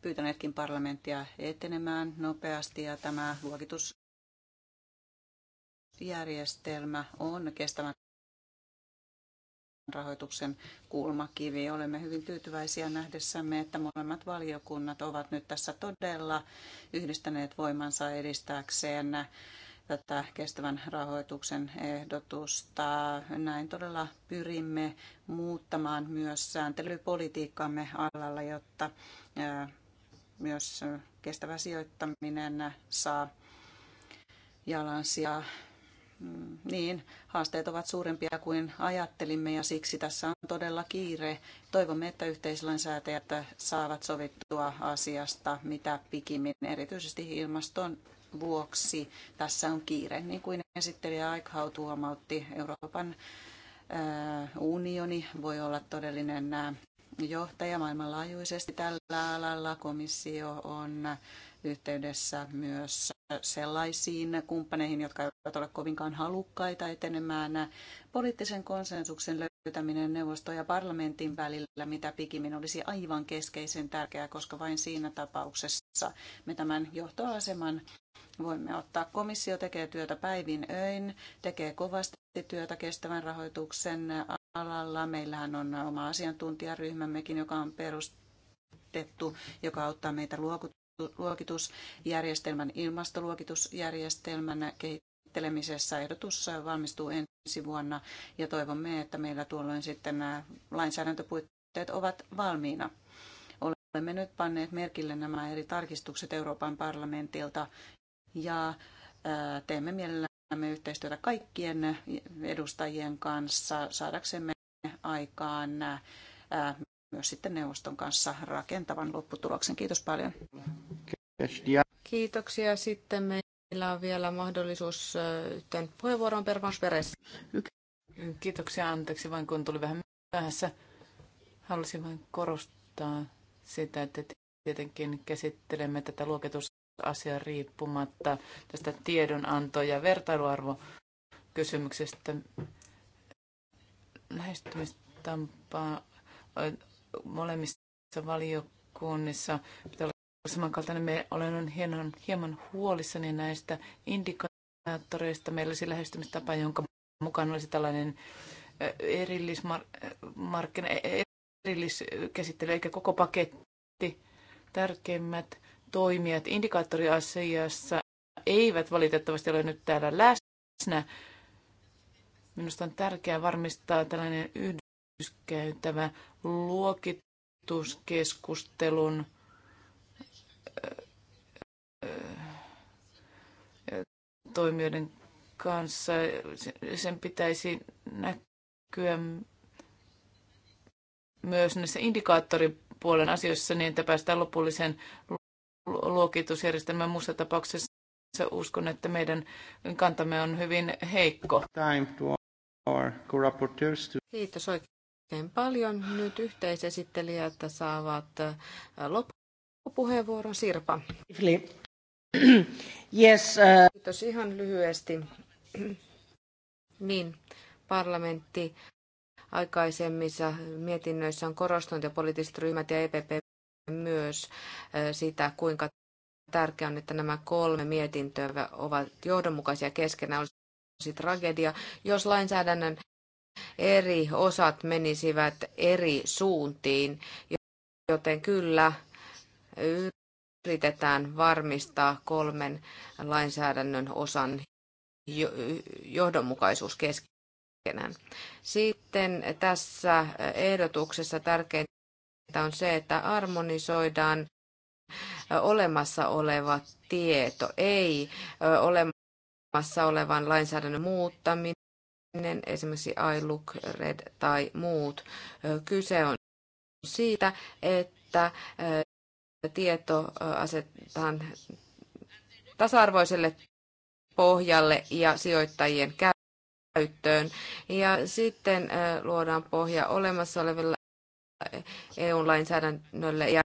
pyytäneetkin parlamenttia etenemään nopeasti ja tämä luokitusjärjestelmä on kestävän rahoituksen kulmakivi. Olemme hyvin tyytyväisiä nähdessämme, että molemmat valiokunnat ovat nyt tässä todella yhdistäneet voimansa edistääkseen tätä kestävän rahoituksen ehdotusta. Näin todella pyrimme muuttamaan myös sääntelypolitiikkamme alalla, jotta myös kestävä sijoittaminen saa jalansia. Mm, niin, haasteet ovat suurempia kuin ajattelimme ja siksi tässä on todella kiire. Toivomme, että yhteislainsäätäjät saavat sovittua asiasta mitä pikimmin, erityisesti ilmaston vuoksi. Tässä on kiire, niin kuin esittelijä Aikhau tuomautti Euroopan unioni voi olla todellinen johtaja maailmanlaajuisesti tällä alalla. Komissio on yhteydessä myös sellaisiin kumppaneihin, jotka eivät ole kovinkaan halukkaita etenemään. Poliittisen konsensuksen löytäminen neuvosto ja parlamentin välillä mitä pikimmin olisi aivan keskeisen tärkeää, koska vain siinä tapauksessa me tämän johtoaseman voimme ottaa. Komissio tekee työtä päivin öin, tekee kovasti työtä kestävän rahoituksen alalla. Meillähän on oma asiantuntijaryhmämmekin, joka on perustettu, joka auttaa meitä luokitusjärjestelmän, ilmastoluokitusjärjestelmän kehittelemisessä. Ehdotus valmistuu ensi vuonna ja toivomme, että meillä tuolloin sitten nämä lainsäädäntöpuitteet ovat valmiina. Olemme nyt panneet merkille nämä eri tarkistukset Euroopan parlamentilta ja teemme mielellään teemme yhteistyötä kaikkien edustajien kanssa saadaksemme aikaan myös sitten neuvoston kanssa rakentavan lopputuloksen. Kiitos paljon. Kiitoksia. Sitten meillä on vielä mahdollisuus yhteen puheenvuoroon per Kiitoksia. Anteeksi vain, kun tuli vähän myöhässä. Haluaisin vain korostaa sitä, että tietenkin käsittelemme tätä luoketusta asia riippumatta tästä tiedonanto- ja vertailuarvokysymyksestä. Lähestymistampaa molemmissa valiokunnissa pitää olla samankaltainen. Me olen hieman, hieman huolissani näistä indikaattoreista. Meillä olisi lähestymistapa, jonka mukaan olisi tällainen erillismarkkina, e-, erilliskäsittely, eikä koko paketti. Tärkeimmät toimijat indikaattoriasiassa eivät valitettavasti ole nyt täällä läsnä. Minusta on tärkeää varmistaa tällainen yhdyskäytävä luokituskeskustelun toimijoiden kanssa. Sen pitäisi näkyä myös näissä indikaattoripuolen asioissa niin, että päästään lopulliseen luokitusjärjestelmän muussa tapauksessa uskon, että meidän kantamme on hyvin heikko. Time to our to... Kiitos oikein paljon. Nyt yhteisesittelijät saavat äh, loppupuheenvuoron Sirpa. (clears throat) Yes, uh... Kiitos ihan lyhyesti. niin, parlamentti aikaisemmissa mietinnöissä on korostunut ja poliittiset ryhmät ja EPP myös sitä, kuinka tärkeää on, että nämä kolme mietintöä ovat johdonmukaisia keskenään. Olisi tragedia, jos lainsäädännön eri osat menisivät eri suuntiin, joten kyllä yritetään varmistaa kolmen lainsäädännön osan johdonmukaisuus keskenään. Sitten tässä ehdotuksessa tärkein on se, että harmonisoidaan olemassa oleva tieto, ei olemassa olevan lainsäädännön muuttaminen, esimerkiksi look Red tai muut. Kyse on siitä, että tieto asetetaan tasa-arvoiselle pohjalle ja sijoittajien käyttöön. Ja sitten luodaan pohja olemassa oleville EU-lainsäädännölle ja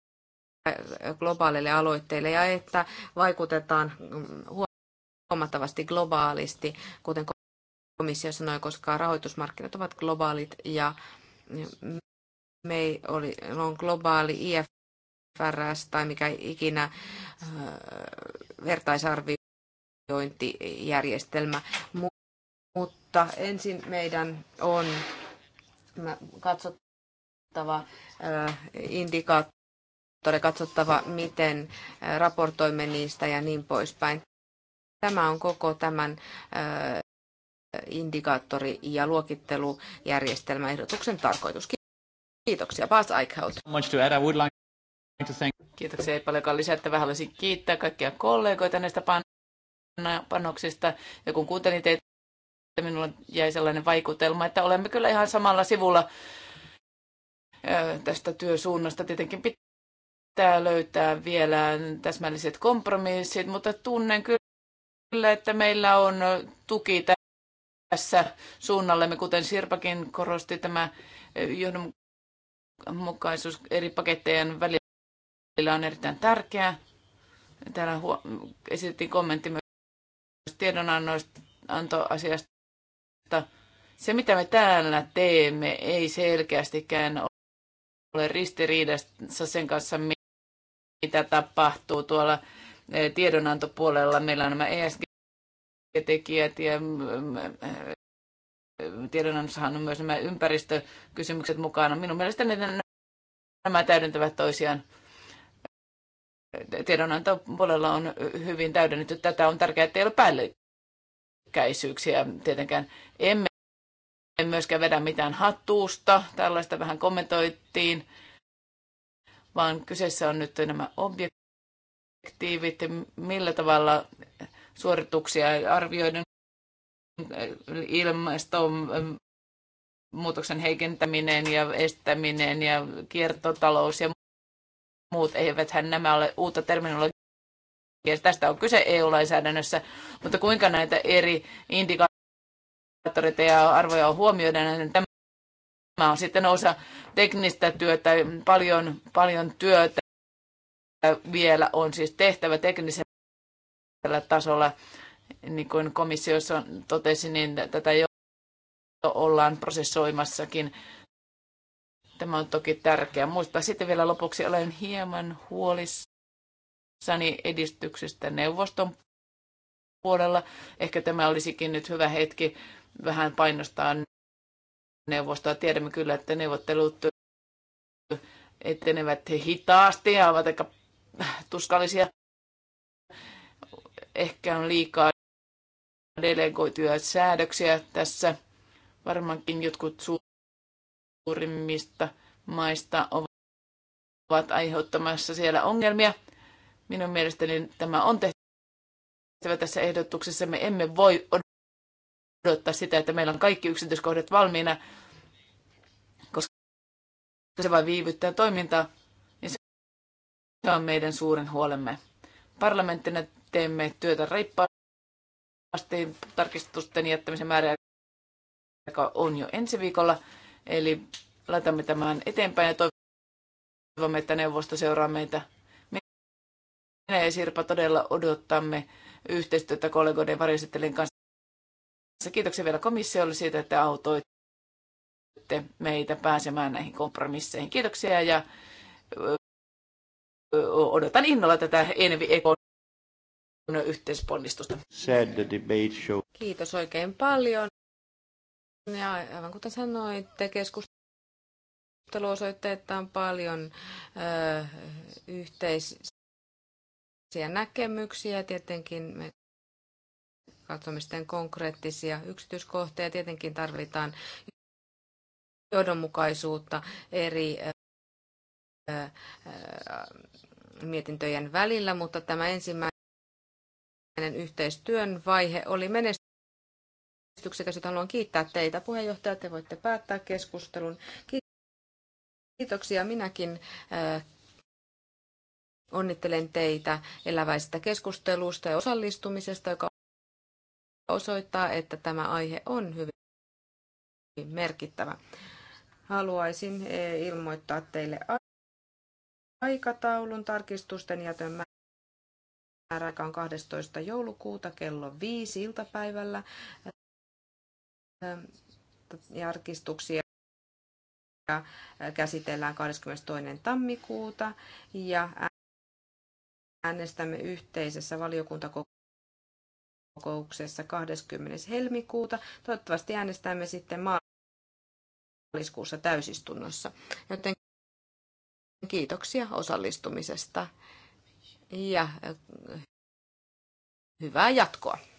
globaaleille aloitteille ja että vaikutetaan huomattavasti globaalisti, kuten komissio sanoi, koska rahoitusmarkkinat ovat globaalit ja meillä on globaali IFRS tai mikä ikinä vertaisarviointijärjestelmä, mutta ensin meidän on katsottu katsottava äh, indikaattori, katsottava miten äh, raportoimme niistä ja niin poispäin. Tämä on koko tämän äh, indikaattori- ja luokittelujärjestelmän ehdotuksen tarkoitus. Kiitoksia, Bas Eichhout. Kiitoksia, ei paljonkaan lisättävää. Haluaisin kiittää kaikkia kollegoita näistä panoksista. Ja kun kuuntelin teitä, minulla jäi sellainen vaikutelma, että olemme kyllä ihan samalla sivulla tästä työsuunnasta. Tietenkin pitää löytää vielä täsmälliset kompromissit, mutta tunnen kyllä, että meillä on tuki tässä suunnallemme, kuten Sirpakin korosti tämä johdonmukaisuus eri pakettejen välillä on erittäin tärkeää. Täällä huom- esitettiin kommentti myös tiedonantoasiasta. Se, mitä me täällä teemme, ei selkeästikään ole ristiriidassa sen kanssa, mitä tapahtuu tuolla eh, tiedonantopuolella. Meillä on nämä ESG-tekijät ja mm, mm, eh, tiedonannossahan on myös nämä ympäristökysymykset mukana. Minun mielestäni nämä täydentävät toisiaan. Tiedonantopuolella on hyvin täydennetty. Tätä on tärkeää, että ei ole päällekkäisyyksiä tietenkään. Emme en myöskään vedä mitään hattuusta, tällaista vähän kommentoittiin, vaan kyseessä on nyt nämä objektiivit, millä tavalla suorituksia arvioiden ilmaston muutoksen heikentäminen ja estäminen ja kiertotalous ja muut, hän nämä ole uutta terminologiaa. Tästä on kyse EU-lainsäädännössä, mutta kuinka näitä eri indika indikaattoreita ja arvoja huomioida, Niin tämä on sitten osa teknistä työtä, paljon, paljon työtä vielä on siis tehtävä teknisellä tasolla. Niin kuin komissiossa totesi, niin tätä jo ollaan prosessoimassakin. Tämä on toki tärkeää muistaa. Sitten vielä lopuksi olen hieman huolissani edistyksestä neuvoston puolella. Ehkä tämä olisikin nyt hyvä hetki vähän painostaa neuvostoa. Tiedämme kyllä, että neuvottelut etenevät hitaasti ja ovat aika tuskallisia. Ehkä on liikaa delegoituja säädöksiä tässä. Varmaankin jotkut suurimmista maista ovat aiheuttamassa siellä ongelmia. Minun mielestäni tämä on tehtävä tässä ehdotuksessa. Me emme voi odottaa sitä, että meillä on kaikki yksityiskohdat valmiina, koska se vain viivyttää toimintaa, niin se on meidän suuren huolemme. Parlamenttina teemme työtä reippaasti tarkistusten jättämisen määrä, joka on jo ensi viikolla, eli laitamme tämän eteenpäin ja toivomme, että neuvosto seuraa meitä. Minä ja Sirpa todella odottamme yhteistyötä kollegoiden varjoesittelijän kanssa Kiitoksia vielä komissiolle siitä, että autoitte meitä pääsemään näihin kompromisseihin. Kiitoksia ja odotan innolla tätä Envi Ekon yhteisponnistusta. Kiitos oikein paljon. Ja aivan kuten sanoitte, keskustelu osoittaa, että on paljon ö, yhteisiä näkemyksiä. Tietenkin me katsomme sitten konkreettisia yksityiskohtia. Tietenkin tarvitaan johdonmukaisuutta eri mietintöjen välillä, mutta tämä ensimmäinen yhteistyön vaihe oli menestyksekäs, jota haluan kiittää teitä. Puheenjohtaja, te voitte päättää keskustelun. Kiitoksia minäkin Onnittelen teitä eläväisestä keskustelusta ja osallistumisesta, joka osoittaa, että tämä aihe on hyvin merkittävä. Haluaisin eh, ilmoittaa teille aikataulun tarkistusten jätön määräaika on 12. joulukuuta kello 5 iltapäivällä. Tarkistuksia käsitellään 22. tammikuuta ja äänestämme yhteisessä valiokuntakokouksessa kokouksessa 20. helmikuuta. Toivottavasti äänestämme sitten maaliskuussa täysistunnossa. Joten kiitoksia osallistumisesta ja eh, hyvää jatkoa.